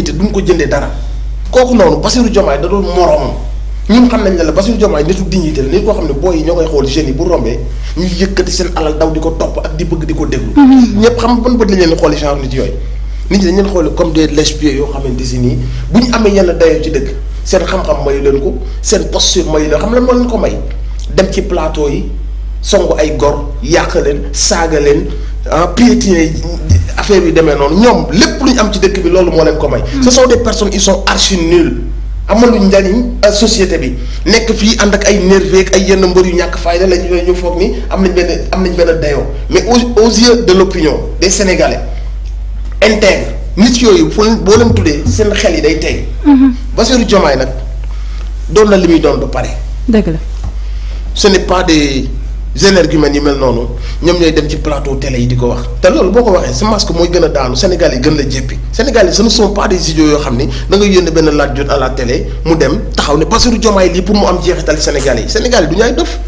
te duñ ko jëndee dara kooku noonu Bassirou Diomaye da doon moroomam ñun xam nañ ne la Bassirou Diomaye nitu dignité la nit koo xam ne booy yi ñoo koy xool jeunes yi bu rombee ñu yëkkati seen alal daw di ko topp ak di bëgg di ko déglu. Mhm. ñëpp xam ban bët lañ leen di xool nit yooyu. nit ñi dañ leen xool comme des lèche-pieds yoo xamante si nii bu amee yenn dayoo ci dëkk seen xam-xam mayu leen ko seen posture mayu leen xam la moo leen ko may dem ci plateau yi songu ay gor yàq leen saaga ah, affaire yu demee noonu ñoom lépp lu am ci dëkk bi loolu moo leen ko may. Hmm. ce sont des personnes ils sont archi nuls amaluñ njariñ euh, société bi nekk fii ànd ak ay nerveux ak ay yenn mbër yu ñàkk fayda lañ ñu ñu foog ni am nañ benn am nañ benn dayoo mais aux yeux de l'opinion des sénégalais intègre nit yooyu foo boo leen tuddee seen xel yi day tey. Hmm. Bassirou Diomaye nag doon na li muy doon ba pare. dëgg la ce n'est pas des. énergumènes yi mel noonu ñoom ñooy dem ci plateau télé yi di ko wax te loolu boo ko waxee sa masque mooy gën a daanu Sénégal yi gën la jéppi Sénégal yi ce ne sont pas des yoo xam ni da nga yónne benn laaj jot à mu dem taxaw ne Bassirou Diomaye lii pour mu am jeexital Sénégal yi Sénégal yi du ñu ay def.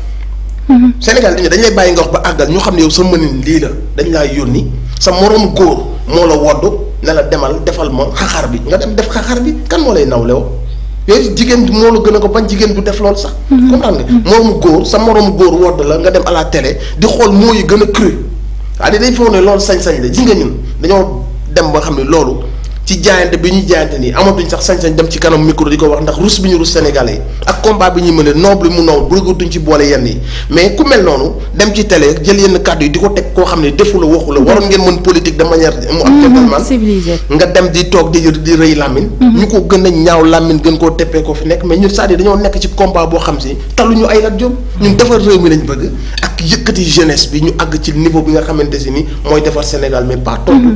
Mhm. Sénégal dañu dañ bàyyi nga wax ba àggal ñu xam ne yow sa mënin lii la dañ laa yónni sa moroom góor moo la wodd ne la demal defal ma xaxar bi nga dem def xaxar bi kan moo lay nawlewoo yooyu jigéen moo la gën a ko bañ jigéen bu def loolu sax. Mm-hmm. comprendre nga moroomu góor sa moroomu góor wodd la nga dem à la di xool moo yi gën a cru waaye dañ foog ne loolu sañ-sañ la gis ñu dañoo dem ba xam ne loolu. ci jaayante bi ñuy jaayante nii amatuñ sax sañ-sañ dem ci kanam micro di ko wax ndax rus bi ñu rus sénégalais yi ak combat bi ñuy mëne noble mu noble bu bëggatuñ ci boole yenn yi mais ku mel noonu dem ci télé jël yenn kàddu yi di ko teg koo xam ne defu la waxu mm-hmm. waroon ngeen mën politique de manière mu am mm-hmm. gentleman nga dem di toog di di rëy làmmiñ mm-hmm. ñu ko gën a ñaaw làmmiñ gën koo teppee ko fi nekk mais ñun cest dañoo nekk ci combat boo xam si taluñu ay lat jom ñun defar réew mi lañ ak yëkkati jeunesse bi ñu àgg ci niveau bi nga xamante si ni mooy defar Sénégal mais pas tontu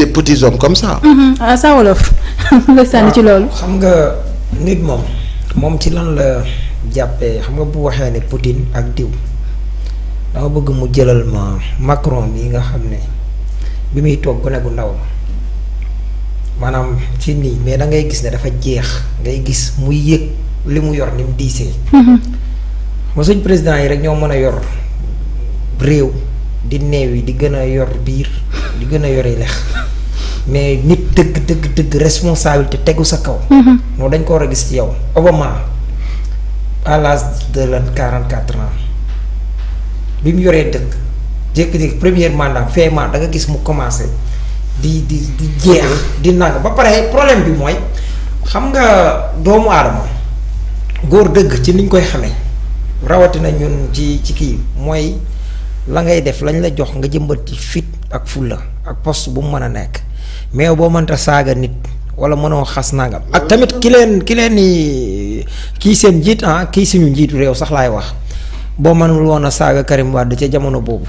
des petits hommes comme ça. Mm-hmm. ah Sa Wolof nga sànni ci ah, loolu. xam nga nit moom moom ci lan la jàppee xam nga bu waxee ne Poutine ak diw dama bëgg mu jëlal ma Macron bi nga xam ne bi muy toog gone gu ndaw maanaam ci nii mais da ngay gis ne dafa jeex ngay gis mu yëg li mu yor ni mu diisee. Mm-hmm. ma suñ président yi rek ñoo mën a yor réew. di neew yi di gën a yor biir di gën a yore lex mais nit dëgg dëgg dëgg responsabilité tegu sa kaw. moom dañ ko war a gis ci yow. Obama à l'âge de lan quarante quatre ans bi mu yoree dëkk jëkk jékki premier mandat vraiment da nga gis mu commencé di di di jeex di nang ba pare problème bi mooy xam nga doomu aadama góor dëgg ci niñ koy xamee rawatina ñun ci ci kii mooy. la ngay def lañ la jox nga jëmbat ci fit ak fulla ak post bu mu mën a nekk mais boo mënta saaga nit wala mënoo xas nangam. ak tamit ki leen ki leen ni kii seen njiit ah kii suñu njiitu réew sax laay wax boo mënul woon a saaga Karim Wade ca jamono boobu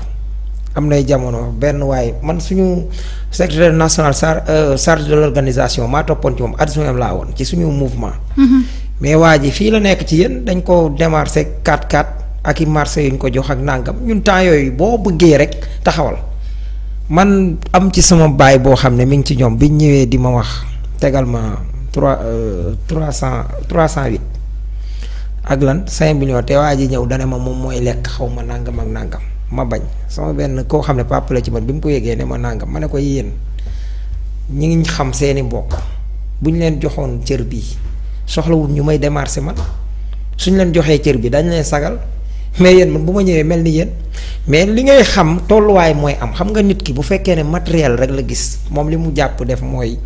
am nay jamono benn waaye man suñu secrétaire national sar euh, chargé de l'organisation maa toppoon ci moom adjoint laa woon ci suñu mouvement. Mm-hmm. mais waa ji fii la nekk ci yéen dañ ko démarché 4-4. ak i marché yuñ ko jox ak nàngam ñun temps yooyu boo bëggee rek taxawal man am ci sama baay boo xam ne mi ngi ci ñoom biñ ñëwee di ma wax tegal ma trois euh, trois cent trois cent huit ak lan cinq millions te waa ji ñëw dana ma moom mooy lekk xaw ma nàngam ak nàngam ma bañ sama benn koo xam ne papa la ci man bi mu ko yégee ne ma nàngam ma ne ko yéen ñi ngi xam seeni mbokk bu ñu leen joxoon cër bii soxlawul ñu may démarché man suñ leen joxee cër bi dañ leen sagal mais yéen man bu ma ñëwee mel ni yéen mais li ngay xam tolluwaay mooy am xam nga nit ki bu fekkee ne matériel rek la gis moom li mu jàpp def mooy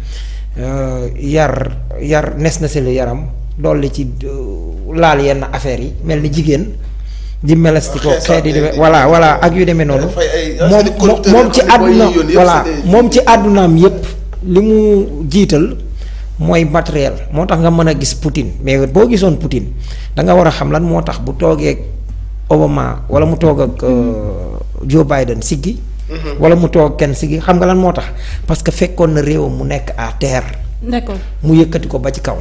euh, yar yar nes na selu yaram li ci euh, laal yenn affaires yi mel ni jigéen di meles ah, ci ko xeet yi di voilà voilà ak yu demee noonu ah, moom moom ci àdduna voilà moom ci àddunaam yépp li mu jiital mooy matériel moo tax nga mën a gis Poutine mais boo gisoon Poutine da nga war a xam lan moo tax bu toogee Obama wala mu toog ak mhm. euh, Joe Biden siggi mhm. wala mu toog kenn siggi xam nga lan moo tax parce que fekkoon na réewam mu nekk à terre. d'accord mu yëkkati ko ba ci kaw.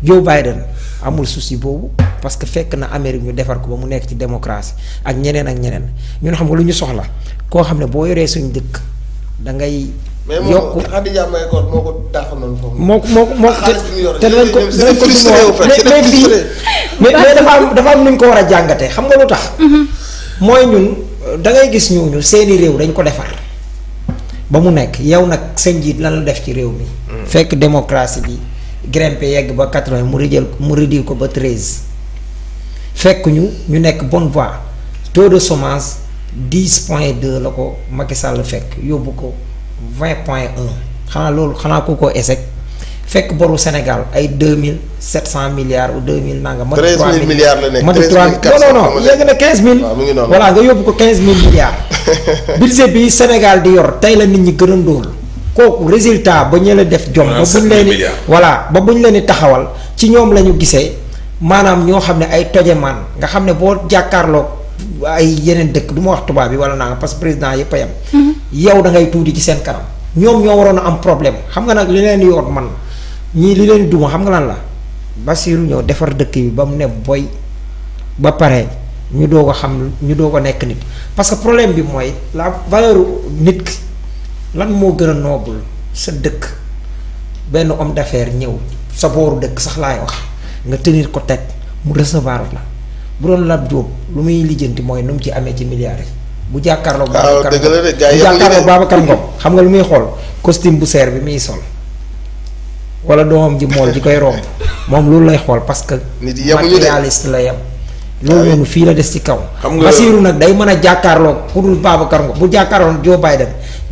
Joe Biden amul souci boobu parce que fekk na Amérique ñu defar ko ba mu nekk ci démocratie ak ñeneen ak ñeneen ñun xam nga lu ñu soxla koo xam ne boo yoree suñu dëkk da ngay yokku mais Khadija Mbaye Koor moo ko dàq noonu foofu. moo ko moo ko moo ko te dinañ ko dinañ ko mais mais dafa am dafa am nuñ ko war a jàngatee xam nga lu tax. Mhm. mooy ñun da ngay gis ñooñu seeni réew dañ ko defar ba mu nekk yow nag sa njiit lan la def ci réew mi. Mm. fekk démocratie bi grimpe yegg ba quatre-vingt mu rijal mu ridil ko ba treize. fekk ñu ñu nekk bonne voie taux de chômage dix point deux la ko Macky Sall fekk yóbbu ko. vingt point un xanaa loolu xanaa ku ko échec fekk boru Sénégal ay deux mille sept cent milliards ou deux mille nangam. matu trois mille milliards la nekk matu trois non non non yegg na quinze mille. voilà nga yóbbu ko quinze mille milliards. budget bi Sénégal di yor tey la nit ñi gën a ndóol kooku résultat ba ñu la def jom. ba buñ leen di voilà ba buñ leen di taxawal ci ñoom la ñu gisee maanaam ñoo xam ne ay tojemaan nga xam ne boo jàkkaarloo. waaye yeneen dëkk du ma wax tubaab bi wala naa parce que président yëpp a yem. Mhm. yow dangay tuuti ci seen kanam. ñoom ñoo waroon a am problème xam nga nag li leen yoon man ñii li leen duma xam nga lan la Bassirou ñëw defar dëkk bi ba mu ne boy ba pare ñu doog a xam ñu doo ko nekk nit parce que problème bi mooy la valeur nit ki lan moo gën a noble sa dëkk benn homme d'affaires ñëw sa booru dëkk sax laay wax nga tenir ko teg mu recevoir la. bu doon Lat Diop lu muy lijjanti mooy nu mu ci amee ci milliards bu jàkkaarloo. waaw ah, dëgg la de gars yi Ngom nga lu muy xool costume bu seer bi muy sol. wala doomam ji mool ji koy romb moom loolu lay xool parce que. nit yemuñu matérialiste la yem. loolu ah, fii la des ci kaw. xam nga Basiirou nag day mën a jàkkaarloo ku dul Babacar Ngom bu jàkkaarloo Joe Biden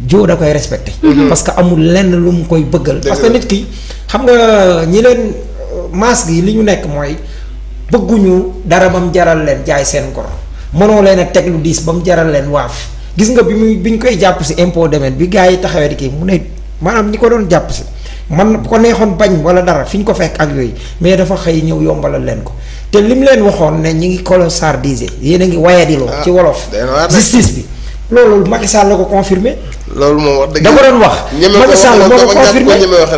Joe da koy respecté. Mm-hmm. parce que amul lenn lu mu koy bëggal. parce que nit ki xam nga ñi leen euh, masse gi li ñu nekk mooy. bëgguñu dara ba mu jaral leen jaay seen ngor mënoo leen a teg lu diis ba mu jaral leen waaf gis nga bi muy bi ñu koy jàpp si impôt domaine bi gars yi taxawee di kii mu ne maanaam ñi ko doon jàpp si man bu ko neexoon bañ wala dara fi ñu ko fekk ak yooyu mais dafa xëy ñëw yombalal leen ko te li mu leen waxoon ne ñi ngi colossardisé yéen a ngi wayadiloo ah, ci wolof justice bi loolu Macky Sall la ko confirmé loolu moom dëgg da ko doon wax. Macky Sall moo ko confirmé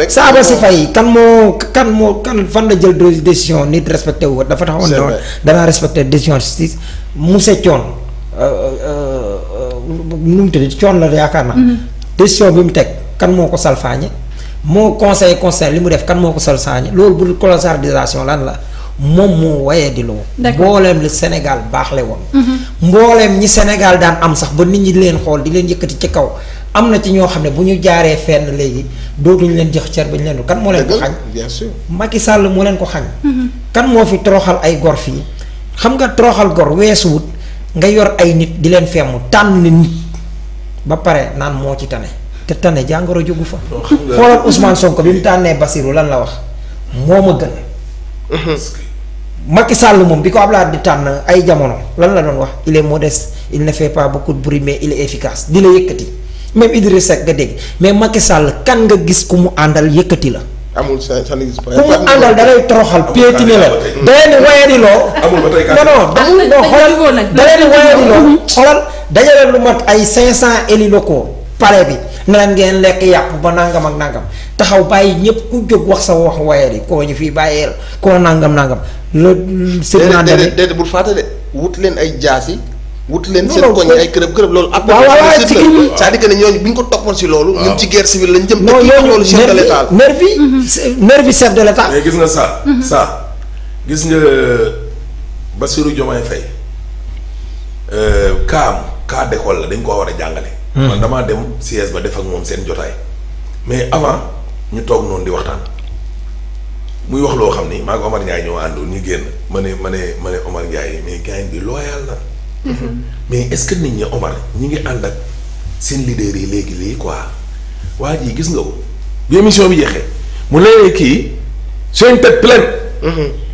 Saaba si fay kan moo kan moo kan fan la jël décision nit respecté wu dafa taxawoon ne woon danaa respecté décision justice mu se coon nu mu tëdd coon la yaakaar na mm-hmm. décision bi mu teg kan moo ko sal salfaañe moo conseil conseil li mu def kan moo ko salfaañe loolu bu colonisation lan la moom moo wayee di loo mbooleem li Sénégal baax le woon mm-hmm. mbooleem ñi Sénégal daan am sax ba nit ñi leen xool di leen yëkkati ci kaw am na ci ñoo xam ne bu ñu jaaree fenn léegi ñu leen jox cer ba ñu leen kan moo leen ko xañ bien sûr Macky moo leen ko xañ mhm. kan moo fi toroxal ay gor fii xam nga toroxal gor weesu wut nga yor ay nit di leen femu tànn nit ba pare naan moo ci tane te tane jàngoro jógu fa xoolal Ousmane Sonko bi mu tànnee Basirou lan la wax moo ma gën mhm. makki Sall moom bi ko Abdoulaye di tànn ay jamono lan la doon wax il est modeste il na fait pas beaucoup de bruit mais il est même Idrissa Seck nga dégg mais Macky Sall kan nga gis ku mu àndal yëkkati la. amul mu àndal da toroxal piétiner la. da leen di waye di loo. amul ba tey da mhm. lu mat ay 500 élus locaux palais bi ne leen ngeen lekk yàpp ba nangam ak nangam taxaw bàyyi ñëpp ku jóg wax sa wax waye di koo ñu fii bàyyeel koo nangam nangam. loolu sëñ bi naan bul fàtte wut leen ay jaas wut leen seen koñ ay kërëb kërëb loolu après c'est-à-dire que ne ñooñu bu ñu ko toppoon si loolu ñun ci guerre civile lañ jëm non loolu chef de l'état nervi mhm. nervi chef de l'état gis nga saa mhm. ça gis nga euh, Bassirou Diomaye Faye kaam euh, cas d'école la dañ koo war a jàngale mhm. man damaa dem siège ba def ak moom seen jotaay mais avant ñu toog noonu di waxtaan muy wax loo xam ni maa ngi Omar Ndiaye ñoo àndoon ñu génn ma ne ma ne ma ne Omar Ndiaye mais gaañ bi loyal na mais est-ce que nit ñi Omar ñi ngi ànd ak seen leader yi léegi lii quoi waa jii gis nga ko bi émission bi jeexee mu ne kii c'est une tête